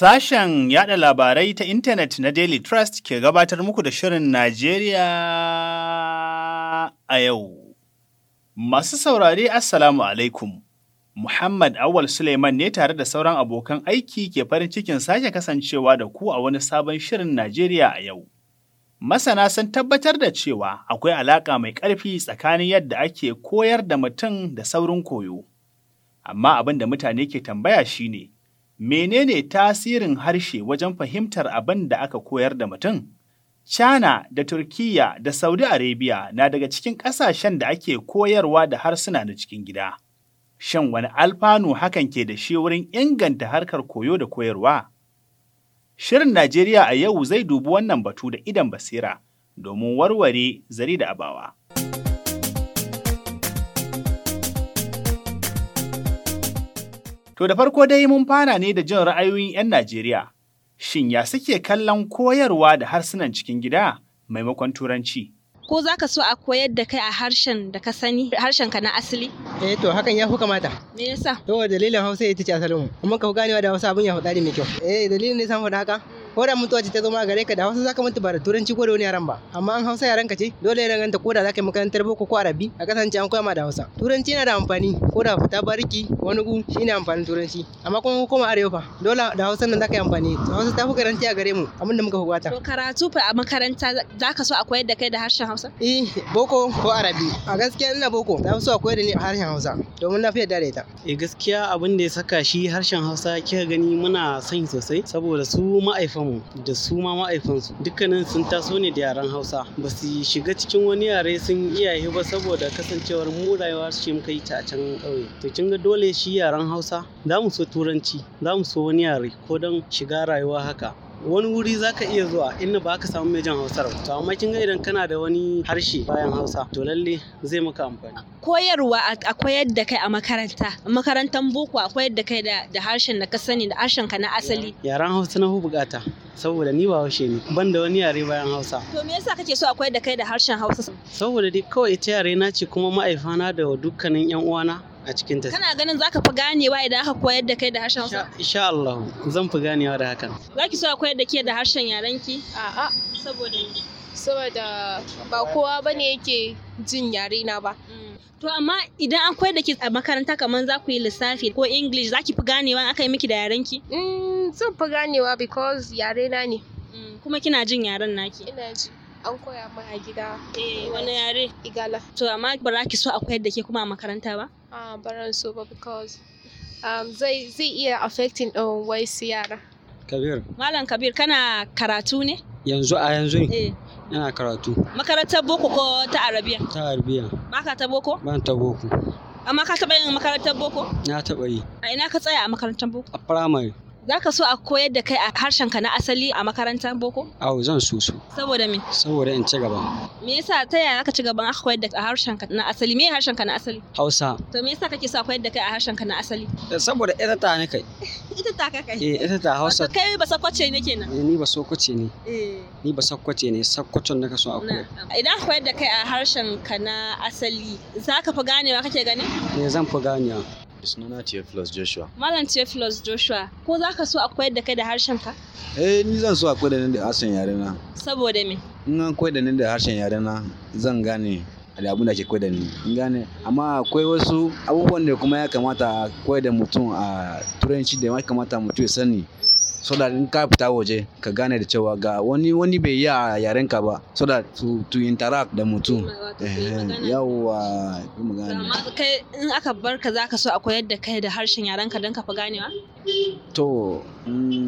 Sashen yada labarai ta intanet na Daily Trust ke gabatar muku da Shirin Najeriya a yau. Masu saurare Assalamu alaikum. Muhammad Awal Suleiman ne tare da sauran abokan aiki ke farin cikin sake kasancewa da ku a wani sabon Shirin Najeriya a yau. Masana sun tabbatar da cewa akwai alaƙa mai ƙarfi tsakanin yadda ake koyar da mutum da saurin koyo. Amma abin da mutane ke tambaya shine ne, Menene tasirin harshe wajen fahimtar abin da aka koyar da mutum? China da Turkiyya da Saudi Arabia na daga cikin ƙasashen da ake koyarwa da harsuna na cikin gida. Shin wani alfanu hakan ke da shi wurin inganta harkar koyo da koyarwa? Shirin Najeriya a yau zai dubi wannan batu da idan basira domin warware zari da abawa. To da farko dai mun fara ne da jin ra'ayoyin 'yan Najeriya. Shin ya suke kallon koyarwa da harsunan cikin gida maimakon Turanci? Ko za ka so a koyar da kai a harshen da ka sani, harshen ka na asali? Eh to hakan ya fi kamata. Me yasa? To dalilin Hausa ita ce asalinmu, kuma ka ganewa da Hausa abin ya faɗa da mai kyau. Eh dalilin ne san faɗa haka? ko da mutuwa ce ta zama a gare ka da hausa zaka mutu ba da turanci ko da wani yaran ba amma an hausa yaran ka ce dole ne ganta ko da zaka yi makarantar boko ko arabi a kasance an koya ma da hausa turanci yana da amfani ko da fita bariki wani gu shine amfanin turanci amma kuma ko kuma arewa fa dole da hausa nan zaka yi amfani da hausa ta fi karanci a gare mu abin da muka fi bata to karatu fa a makaranta zaka so a koyar da kai da harshen hausa eh boko ko arabi a gaskiya ina boko na fi so a koyar da ni harshen hausa domin na fi yarda da ita eh gaskiya abin da ya saka shi harshen hausa kika gani muna son sosai saboda su ma'aifan famu da su ma ma'aifansu dukkanin sun taso ne da yaren hausa ba su shiga cikin wani yare sun iyaye ba saboda kasancewar mu rayuwa ce muka yi ta a can ƙauye to kin ga dole shi yaren hausa za mu so turanci za mu so wani yare ko don shiga rayuwa haka wani wuri za ka iya zuwa in ba ka samu mejan jan hausar to amma kin ga idan kana da wani harshe bayan hausa to lalle zai maka amfani koyarwa akwai yadda kai a makaranta makarantar boko akwai yadda kai da harshen da ka sani da harshen ka na asali yaran hausa na bukata saboda ni ba haushe ne ban da wani yare bayan hausa to me yasa kake so akwai da kai da harshen hausa saboda dai kawai ita yare na ce kuma ma'aifana da dukkanin yan uwana a cikin ta. Kana ganin zaka fi ganewa idan aka koyar da kai da harshen Hausa? Insha Allah zan fi ganewa da hakan. Zaki so a koyar da ke da harshen yarenki? A'a. Saboda saboda ba kowa bane yake jin yare na ba. Mm. To amma idan an koyar da ke a makaranta kamar za ku yi lissafi ko English za ki fi ganewa aka yi miki da yaren ki? Mm, zan fi ganewa because yare na ne. Mm, kuma kina jin yaren naki? Ina ji. an koya ma a gida. Eh, wani yare? Igala. To amma ba za ki so akwai yadda ke kuma a makaranta ba? A baran so ba because um, zai zai iya affecting ɗin su yara. Kabir. Malam Kabir kana karatu ne? Yanzu a yanzu ne. Yana eh. karatu. Makarantar boko ko ta Arabiya? Ta Arabiya. Baka ta boko? Ban ta boko. Amma ka taɓa yin makarantar boko? Na taɓa yi. A ina ka tsaya a makarantar boko? A firamare. Za ka so a koyar da kai a harshen ka na asali a makarantar boko? Au zan so su. Saboda me? Saboda in ci gaba. Me yasa ta yaya zaka ci gaban aka koyar da harshen ka na asali? Me harshen ka na asali? Hausa. To me yasa kake so a koyar da kai a harshen ka na asali? Eh, saboda ita ta ne kai. ita ta kai. Eh ita ta Hausa. kai ba sakwace ne kenan. Eh, ni ba sakwace ne. Eh. Ni ba sakwace ne sakwacen naka so a koya. Idan koyar da kai a harshen ka na asali za ka fi ganewa kake ganin? Eh zan fi ganewa. sunana Theophilus Joshua. Malam Theophilus Joshua, ko za ka so a koyar da kai da harshen ka? Eh, ni zan so a koyar da ni da harshen yare na. Saboda me? In an koyar da ni da harshen yare na, zan gane da abin da ke koyar da ni. In gane, amma akwai wasu abubuwan da kuma ya kamata a koyar da mutum a turanci da ya kamata mutum ya sani. so that in ka fita waje ka gane da cewa ga wani wani bai yi a yaren ka ba so that to, to interact da mutum yawa yi magana kai in aka bar ka zaka so a koyar da kai da harshen yaren ka don ka fi ganewa to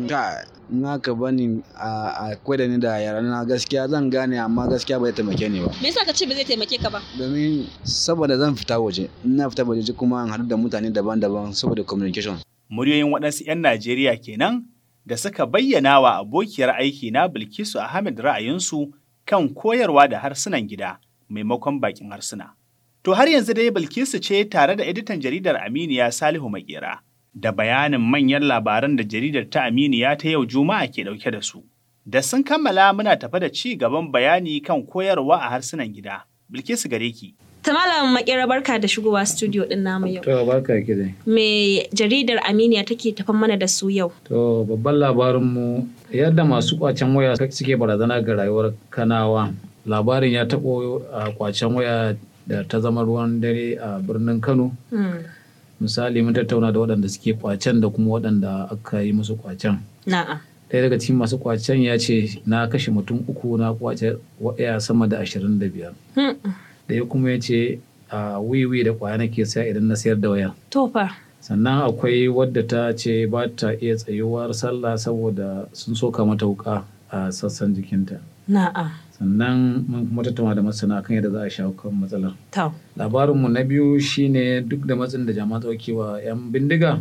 ga in aka bani a koyar da ni da yaren na gaskiya zan gane amma gaskiya bai zai taimake ni ba me yasa ka ce ba zai taimake ka ba domin saboda zan fita waje ina fita waje kuma an haɗu da mutane daban-daban saboda communication muryoyin waɗansu 'yan Najeriya kenan da suka bayyana wa abokiyar aiki na Bilkisu Ahmed ra'ayinsu kan koyarwa da harsunan gida maimakon bakin harsuna. To har yanzu dai Bilkisu ce tare da editan jaridar Aminiya Salihu Makera da bayanin manyan labaran da jaridar ta Aminiya ta yau Juma'a ke dauke da su. Da sun kammala muna tafa da ci gaban bayani kan koyarwa a harsunan gida. Bilkisu gare ki. Tamala makera barka da shigowa studio din namu yau. To barka ki dai. Me jaridar Aminiya take tafan mana da su yau? To babban labarin mu yadda masu kwacen waya suke barazana ga rayuwar Kanawa. Labarin ya taɓo a kwacen waya da ta zama ruwan dare a birnin Kano. Hmm. Misali mun tattauna da waɗanda suke kwacen da kuma waɗanda aka yi musu kwacen. Na'a. Ɗaya daga cikin masu kwacen ya ce na kashe mutum uku na kwace waya sama da ashirin da biyar. Hmm. da ya kuma ya ce a wiwi da kwaya nake sa idan na sayar da wayar. Tofa. Sannan akwai wadda ta ce ba ta iya tsayuwar sallah saboda sun soka mata wuka a sassan jikinta. Na'a. Sannan mun kuma tattauna da masana kan yadda za a shawo kan matsalar. ta. Labarinmu na biyu shine duk da matsin da jama'a wa 'yan bindiga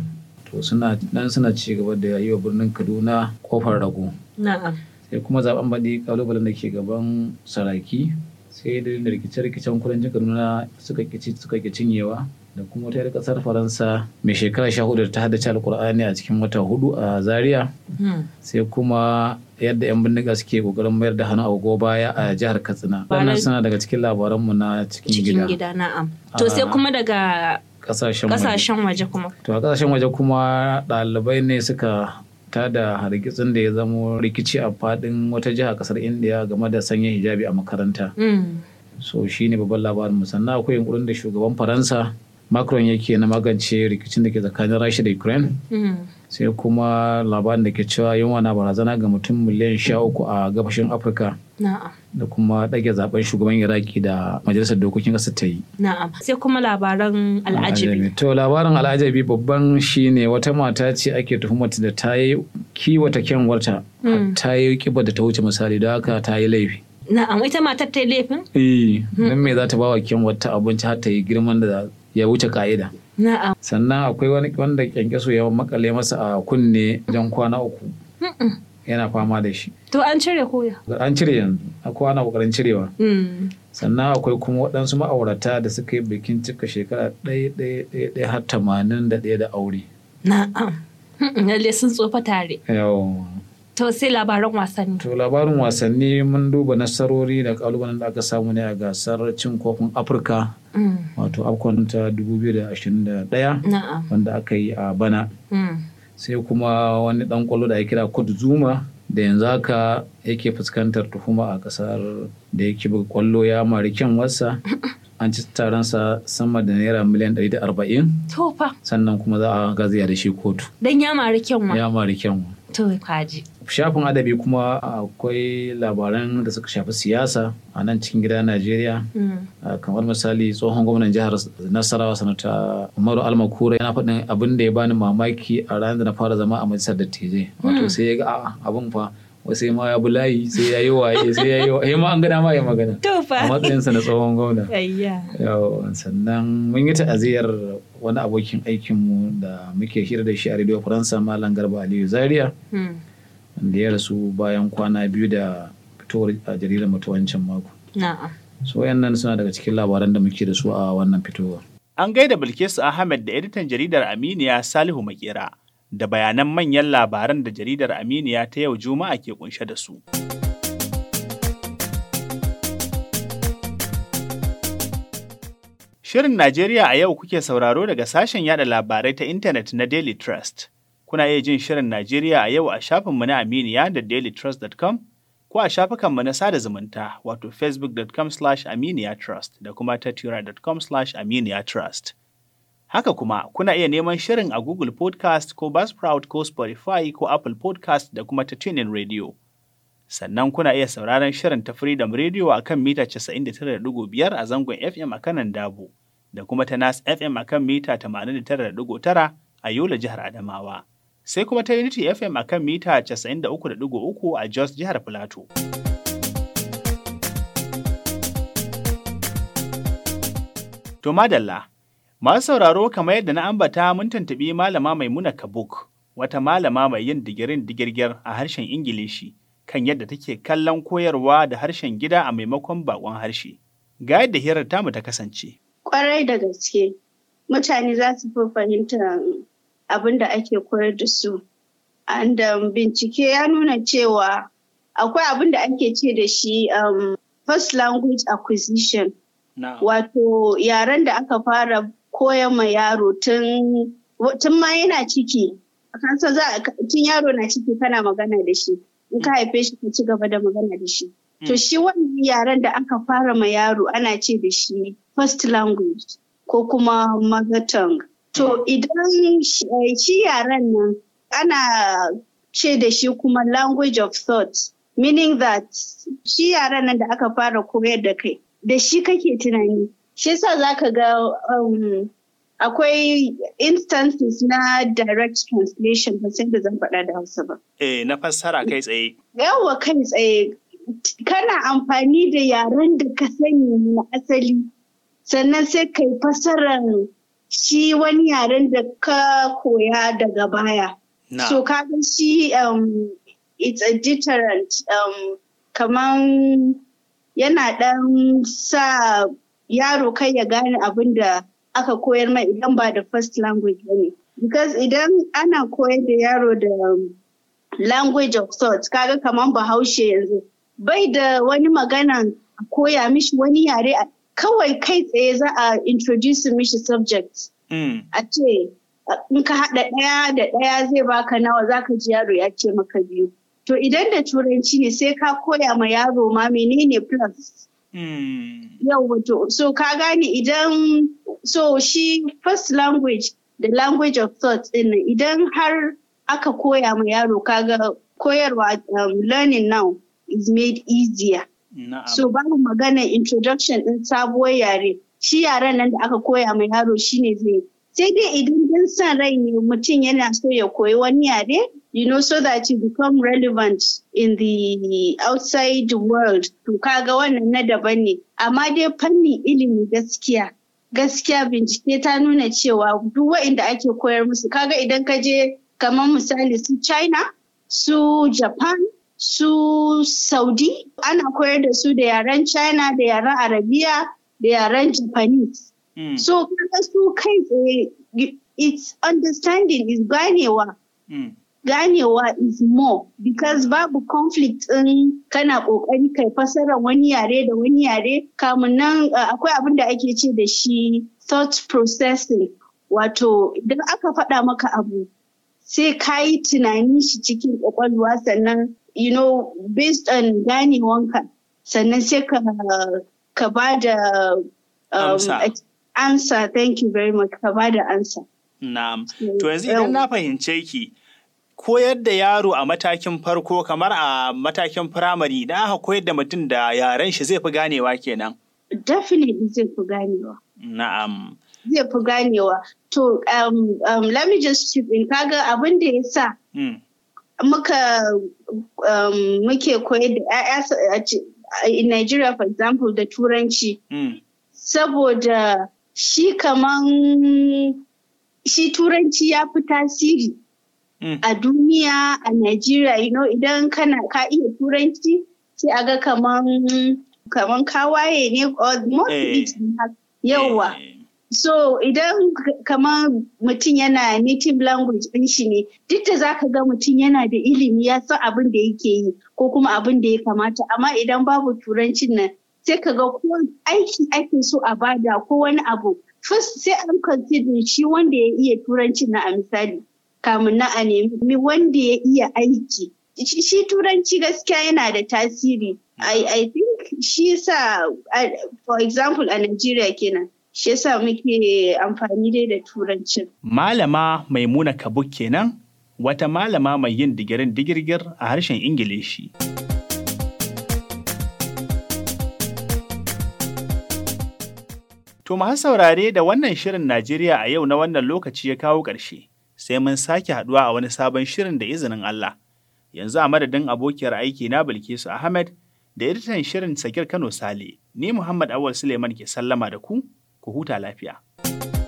to suna nan suna ci gaba da yi wa birnin Kaduna kofar rago. Na'a. Sai kuma zaben baɗi kalubalen da ke gaban saraki sai da rikice-rikicen kudancin kaduna suka ki cinyewa da kuma wata 'yar kasar faransa mai shekara sha hudu ta haddace alkur'ani a cikin wata hudu a zaria hmm. sai kuma yadda 'yan bindiga suke kokarin mayar da hannu agogo baya a jihar katsina wannan suna daga cikin labaranmu na cikin gida na'am to sai kuma daga kasashen waje kuma to a kasashen waje kuma ɗalibai ne suka ta da hargitsin da ya zamo rikici a fadin wata jiha kasar indiya game da sanya hijabi a makaranta mm. so ne babban labarin sannan akwai yunkurin da shugaban faransa macron yake na magance rikicin da ke tsakanin rasha da ukraine mm-hmm. sai kuma labarin da ke cewa yunwa na barazana ga mutum miliyan sha uku a gabashin afirka da kuma ɗage zaben shugaban iraki da majalisar dokokin kasa ta yi sai kuma labaran al'ajabi to labarin al'ajabi babban shi ne wata mata ce ake tuhumata da ta yi kiwata kyanwarta mm. ta yi kiba da ta wuce misali da haka ta yi laifi na'am ita matar ta yi laifin eh nan mm. me za ta ba wa kyanwarta abinci har ta yi girman da ya wuce ka'ida. Na'am. Sannan akwai wani wanda kyankyaso ya makale masa a kunne jan kwana uku. Yana fama da shi. To an cire koya. An cire yanzu. Akwai ana ƙoƙarin cirewa. Mm. Sannan akwai kuma waɗansu ma'aurata da suka yi bikin cika shekara ɗaya ɗaya ɗaya ɗaya har tamanin da ɗaya da aure. Na'am. Lalle sun tsofa tare. Yawwa. To sai labaran wasanni. To labarin wasanni mun duba nasarori da kalubalen da aka samu ne a gasar cin kofin Afirka. Mm. Wato Afcon ta 2021 wanda aka yi a bana. Mm. Sai kuma wani dan kwallo da ya kira Kudu Zuma da yanzu haka yake fuskantar tuhuma a kasar da yake buga kwallo ya mari kyan wasa. an ci taronsa sama da naira miliyan 140. Tofa. Sannan kuma za a gaziya da shi kotu. Dan ya mari wa. Ya mari kyanwa. To kwaji. Shafin adabi kuma akwai labaran da suka shafi siyasa a nan cikin gida Najeriya. Mm. Kamar misali tsohon gwamnan jihar Nasarawa sanata Umaru Almakura yana faɗin abin da ya bani mamaki a ranar da na fara zama a majalisar dattijai. Mm. Wato sai ya ga abin fa wasu ma ya bulayi sai ya yi waye sai ya yi waye eh, ma an gana ma ya magana a matsayinsa na tsohon gwamna sannan mun yi ta'aziyar wani abokin aikinmu da muke hira da shi a radio faransa malam garba aliyu zaria hmm. da ya rasu bayan kwana biyu da fitowar a jaridar mutuwancin mako so wayannan suna daga cikin labaran da muke da su a wannan fitowar. an gaida bilkisu ahmed da editan jaridar aminiya salihu makera da bayanan manyan labaran da jaridar Aminiya ta yau Juma'a ke kunshe da su. Shirin Najeriya a yau kuke sauraro daga sashen yada labarai ta intanet na Daily Trust. Kuna iya jin Shirin Najeriya a yau a shafinmu na Aminiya da dailytrust.com ko a shafukanmu na sada zumunta wato facebook.com slash aminiya trust da kuma tatura.com slash aminiya trust. Haka kuma kuna iya neman shirin a Google Podcast ko Buzzsprout ko Spotify ko Apple Podcast da kuma ta TuneIn Radio. Sannan kuna iya sauraron shirin ta Freedom Radio a kan mita 99.5 a zangon FM a kanan Dabo da kuma ta Nas FM a kan mita 89.9 a Yola jihar Adamawa. Sai kuma ta Unity FM a kan mita 93.3 a Jos jihar Filato. To madalla, Masu sauraro kamar yadda na ambata mun tantabi malama Maimuna Kabuk, wata malama mai yin digirin digirgir a harshen Ingilishi kan yadda take kallon koyarwa da harshen gida a maimakon bakon harshe. Ga yadda hirar tamu ta kasance. Kwarai da gaske, mutane za su fi fahimtar abin da ake koyar da su. da um, bincike ya nuna cewa akwai abin da ake ce da shi um, first language acquisition. Wato yaren da aka fara koyan ma yaro tun ma yana ciki kansa za tun yaro na ciki kana magana da shi in ka haife shi ka ci gaba da magana da shi hmm. to shi wani yaren da aka fara ma yaro ana ce da shi first language ko kuma mother tongue to hmm. idan eh, shi yaren nan ana ce da shi kuma language of thought meaning that shi yaren nan da aka fara koyar da kai da shi kake tunani shi sa za ka ga um, akwai instances na direct translation ba sai da zan faɗa da hausa ba. Eh na fassara kai tsaye. Yawwa kai tsaye kana amfani da yaren da ka sani na asali sannan sai kai fassarar shi wani yaren da ka koya daga baya. So ka ga shi um, it's a deterrent um, kaman yana ɗan sa yaro kai ya gane abin da aka koyar mai idan ba da first language ba ne. Because idan ana koyar da yaro da um, language of thought kaga kaman bahaushe yanzu bai da wani magana koya mishi wani yare kawai kai tsaye za a introduce mishi subject. Hmm. A ce in ka haɗa ɗaya da ɗaya zai baka nawa zaka ji yaro ya ce maka biyu. To idan da turanci ne sai ka koya ma yaro ma menene plus Yau wato, so ka gane idan so shi first language da language of thought ɗin idan har aka koya ma yaro kaga koyarwa um, learning now is made easier. So babu magana introduction ɗin sabuwar yare. Shi yaren nan da aka koya ma yaro shine zai. Sai dai idan dan san rai ne mutum yana so ya koyi wani yare you know, so that you become relevant in the outside world. To kaga wannan na daban ne, amma dai fannin ilimi gaskiya. Gaskiya bincike ta nuna cewa duk waɗanda ake koyar musu, kaga idan ka je kamar misali su China, su Japan, su Saudi, ana koyar da su da yaren China, da yaren Arabiya, da yaren Japanese. Mm. So, kaga su kai tsaye, it's understanding, is ganewa. Mm. ganewa is more because babu conflict din kana kokari kai fasara wani yare da wani yare kamun nan eh, akwai abin da ake ce da shi thought processing wato idan aka faɗa maka abu sai ka yi tunanin shi cikin kwakwalwa sannan you know based on ganewanka sannan sai ka ka ba da um, answer thank you very much ka ba da answer na'am to yanzu idan na fahimce ki koyar da yaro a matakin farko kamar a matakin firamare na aka koyar da mutum da yaren shi zai fi ganewa kenan. Definitely zai fi ganewa. Na'am. Zai fi ganewa. To, um, um, let me just chip in kaga abin da ya sa. Hmm. Muka um, muke koyar da ‘ya'ya in Nigeria for example da turanci. Hmm. Saboda shi kaman shi turanci ya fi tasiri. Mm. a duniya a Najeriya you know idan kana ka iya turanci sai a ga kaman kaman kawaye ne or most eh. yawa eh, eh. so idan kaman mutum yana native language ɗin shi ne duk da zaka ga mutum yana da ilimi ya san abin da yake yi ko kuma abin da ya kamata amma idan babu turancin nan sai ka ga ko aiki ake so a bada ko wani abu first sai an consider shi wanda ya iya turancin na a misali kamun na a nemi wanda ya iya aiki shi turanci gaskiya yana da tasiri I, think shi sa for example a Najeriya kenan shi yasa muke amfani dai da turanci. Malama Maimuna Kabu kenan wata malama mai yin digirin digirgir a harshen Ingilishi. To masu saurare da wannan shirin Najeriya a yau na wannan lokaci ya kawo ƙarshe. sai mun sake haduwa a wani sabon shirin da izinin Allah. Yanzu a madadin abokiyar aiki na Bilkisu Ahmed da editan shirin Sakir Kano Sale, ni Muhammad Awal Suleiman ke sallama da ku, ku huta lafiya.